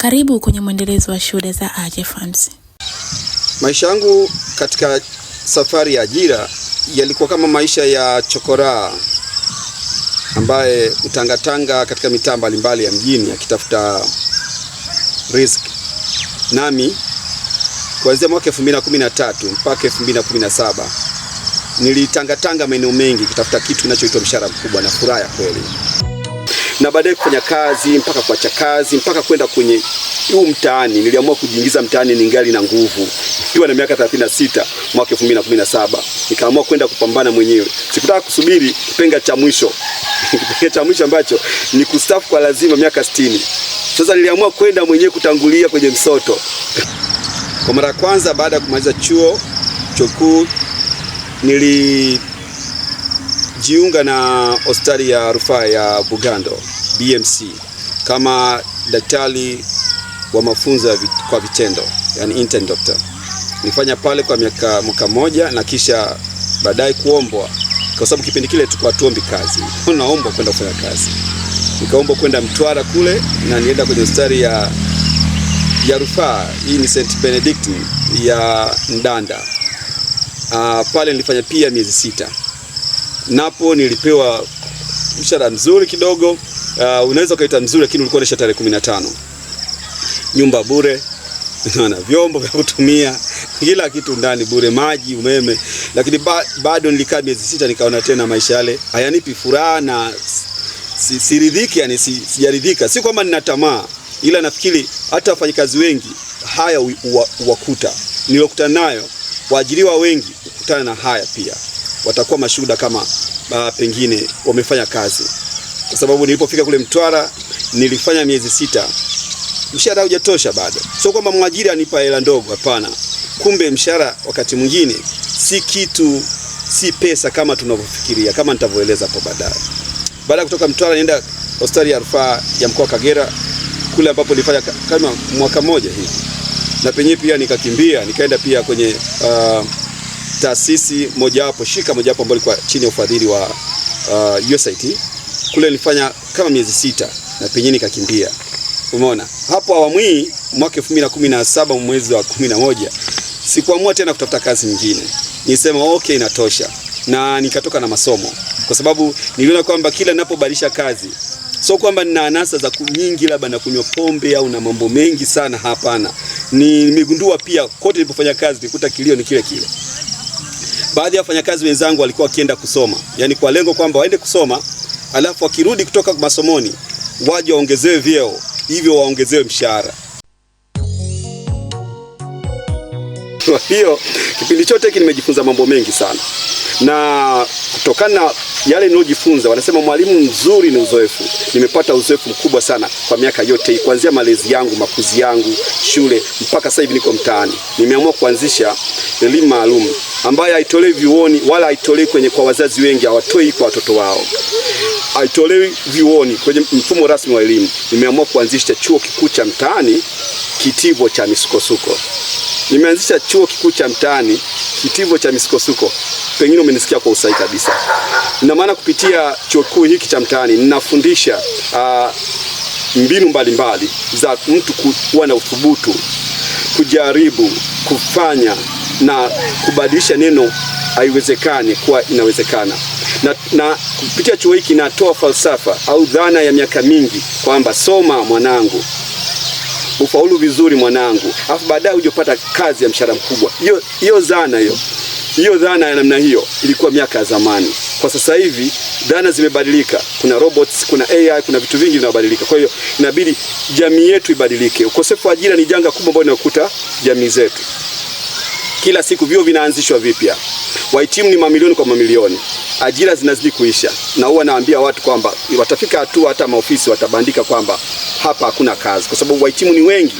Karibu kwenye mwendelezo wa shule za Aje Farms. Maisha yangu katika safari ya ajira yalikuwa kama maisha ya chokoraa ambaye utangatanga katika mitaa mbalimbali ya mjini akitafuta riziki. Nami kuanzia mwaka 2013 mpaka 2017 nilitangatanga maeneo mengi kitafuta kitu kinachoitwa mshahara mkubwa na furaha ya kweli na baadaye kufanya kazi mpaka kuacha kazi mpaka kwenda kwenye huu mtaani. Niliamua kujiingiza mtaani ningali na nguvu, ikiwa na miaka 36 mwaka 2017 nikaamua kwenda kupambana mwenyewe. Sikutaka kusubiri kipenga cha mwisho kipenga cha mwisho ambacho ni kustafu kwa lazima miaka 60. Sasa niliamua kwenda mwenyewe kutangulia kwenye msoto kwa mara ya kwanza baada ya kumaliza chuo chuo kikuu nili kujiunga na hospitali ya rufaa ya Bugando BMC kama daktari wa mafunzo kwa vitendo yani intern doctor. Nilifanya pale kwa miaka mwaka moja na kisha baadaye kuombwa, kwa sababu kipindi kile tulikuwa tuombi kazi, naombwa kwenda kufanya kazi. Nikaombwa kwenda Mtwara kule na nienda kwenye hospitali ya ya rufaa hii ni St Benedict ya Ndanda. Uh, pale nilifanya pia miezi sita napo nilipewa mshahara mzuri kidogo, uh, unaweza ukaita mzuri, lakini ulikuwa unaisha tarehe 15, nyumba bure na vyombo vya kutumia kila kitu ndani bure, maji, umeme. Lakini ba, bado nilikaa miezi sita, nikaona tena maisha yale hayanipi furaha na si, siridhiki, yani si, sijaridhika. Si kwamba nina tamaa, ila nafikiri hata wafanyakazi wengi haya uwakuta, nilokutana nayo, waajiriwa wengi kutana na haya pia watakuwa mashuhuda kama uh, pengine wamefanya kazi, kwa sababu nilipofika kule Mtwara nilifanya miezi sita, mshahara hujatosha bado. Sio kwamba mwajiri anipa hela ndogo, hapana. Kumbe mshahara wakati mwingine si kitu, si pesa kama tunavyofikiria, kama nitavyoeleza hapo baadaye. Baada ya kutoka Mtwara nienda hospitali ya rufaa ya mkoa wa Kagera kule ambapo nilifanya kama mwaka mmoja hivi, na penyewe pia nikakimbia nikaenda pia kwenye uh, taasisi mojawapo, shirika mojawapo ambalo lilikuwa chini ya ufadhili wa uh, USAID kule nilifanya kama miezi sita na pengine nikakimbia. Umeona hapo awamu hii mwaka 2017 mwezi wa 11 sikuamua tena kutafuta kazi nyingine, nilisema okay, inatosha, na nikatoka na masomo kwa sababu niliona kwamba kila ninapobadilisha kazi sio kwamba nina anasa za nyingi labda na kunywa pombe au na mambo mengi sana, hapana. Nimegundua pia kote nilipofanya kazi nikuta kilio ni kile kile baadhi ya wafanyakazi wenzangu walikuwa wakienda kusoma, yani kwa lengo kwamba waende kusoma alafu wakirudi kutoka masomoni waje waongezewe vyeo, hivyo waongezewe mshahara. Kwa hiyo kipindi chote hiki nimejifunza mambo mengi sana, na kutokana na yale niliyojifunza, wanasema mwalimu mzuri ni uzoefu. Nimepata uzoefu mkubwa sana kwa miaka yote hii, kuanzia malezi yangu, makuzi yangu, shule mpaka sasa hivi niko mtaani. Nimeamua kuanzisha elimu maalum ambayo haitolewi vyuoni wala haitolewi kwenye, kwa wazazi wengi hawatoi kwa watoto wao, haitolewi vyuoni kwenye mfumo rasmi wa elimu. Nimeamua kuanzisha chuo kikuu cha mtaani, kitivo cha misukosuko. Nimeanzisha chuo kikuu cha mtaani kitivo cha misukosuko, pengine umenisikia kwa usahihi kabisa. Ina maana kupitia chuo kikuu hiki cha mtaani ninafundisha uh, mbinu mbalimbali za mtu kuwa na uthubutu, kujaribu kufanya na kubadilisha neno haiwezekani kuwa inawezekana. Na, na kupitia chuo hiki natoa falsafa au dhana ya miaka mingi kwamba soma mwanangu ufaulu vizuri mwanangu, alafu baadaye ujopata kazi ya mshahara mkubwa. Hiyo hiyo dhana hiyo hiyo dhana ya namna hiyo ilikuwa miaka ya zamani. Kwa sasa hivi dhana zimebadilika, kuna robots, kuna AI, kuna vitu vingi vinabadilika. Kwa hiyo inabidi jamii yetu ibadilike. Ukosefu wa ajira ni janga kubwa ambalo linakuta jamii zetu. Kila siku vyuo vinaanzishwa vipya, wahitimu ni mamilioni kwa mamilioni, ajira zinazidi kuisha, na huwa naambia watu kwamba watafika hatua hata maofisi watabandika kwamba hapa hakuna kazi, kwa sababu wahitimu ni wengi,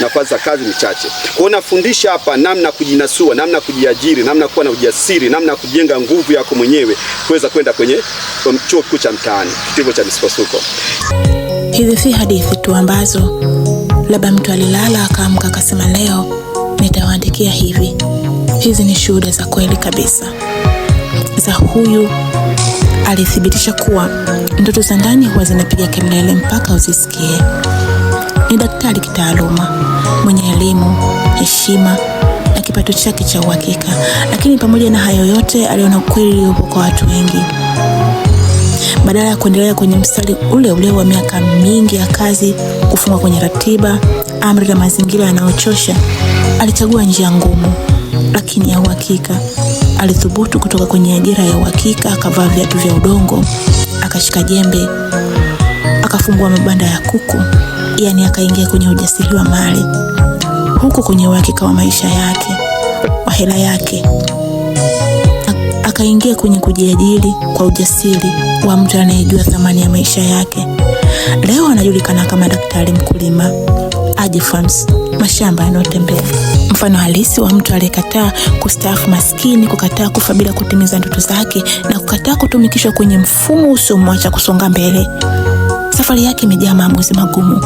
nafasi za kazi ni chache. Kwa hiyo nafundisha hapa namna ya kujinasua, namna kujiajiri, namna kuwa na ujasiri, namna kujenga nguvu yako mwenyewe kuweza kwenda kwenye um, chuo kikuu cha mtaani, kitivo cha misukosuko. Hizi si hadithi tu ambazo labda mtu alilala akaamka akasema leo nitawaandikia hivi. Hizi ni shuhuda za kweli kabisa za huyu alithibitisha kuwa ndoto za ndani huwa zinapiga kelele mpaka uzisikie. Ni daktari kitaaluma mwenye elimu, heshima na kipato chake cha uhakika, lakini pamoja na hayo yote aliona ukweli uliopo kwa watu wengi. Badala ya kuendelea kwenye mstari ule ule wa miaka mingi ya kazi, kufungwa kwenye ratiba, amri na mazingira yanayochosha, alichagua njia ngumu lakini ya uhakika alithubutu kutoka kwenye ajira ya uhakika, akavaa viatu vya udongo, akashika jembe, akafungua mabanda ya kuku, yaani akaingia kwenye ujasiri wa mali, huko kwenye uhakika wa maisha yake, wa hela yake akaingia kwenye kujiajiri kwa ujasiri wa mtu anayejua thamani ya maisha yake. Leo anajulikana kama Daktari Mkulima, AJIPharms, mashamba yanayotembea mfano halisi wa mtu aliyekataa kustaafu maskini, kukataa kufa bila kutimiza ndoto zake, na kukataa kutumikishwa kwenye mfumo usiomwacha kusonga mbele. Safari yake imejaa maamuzi magumu.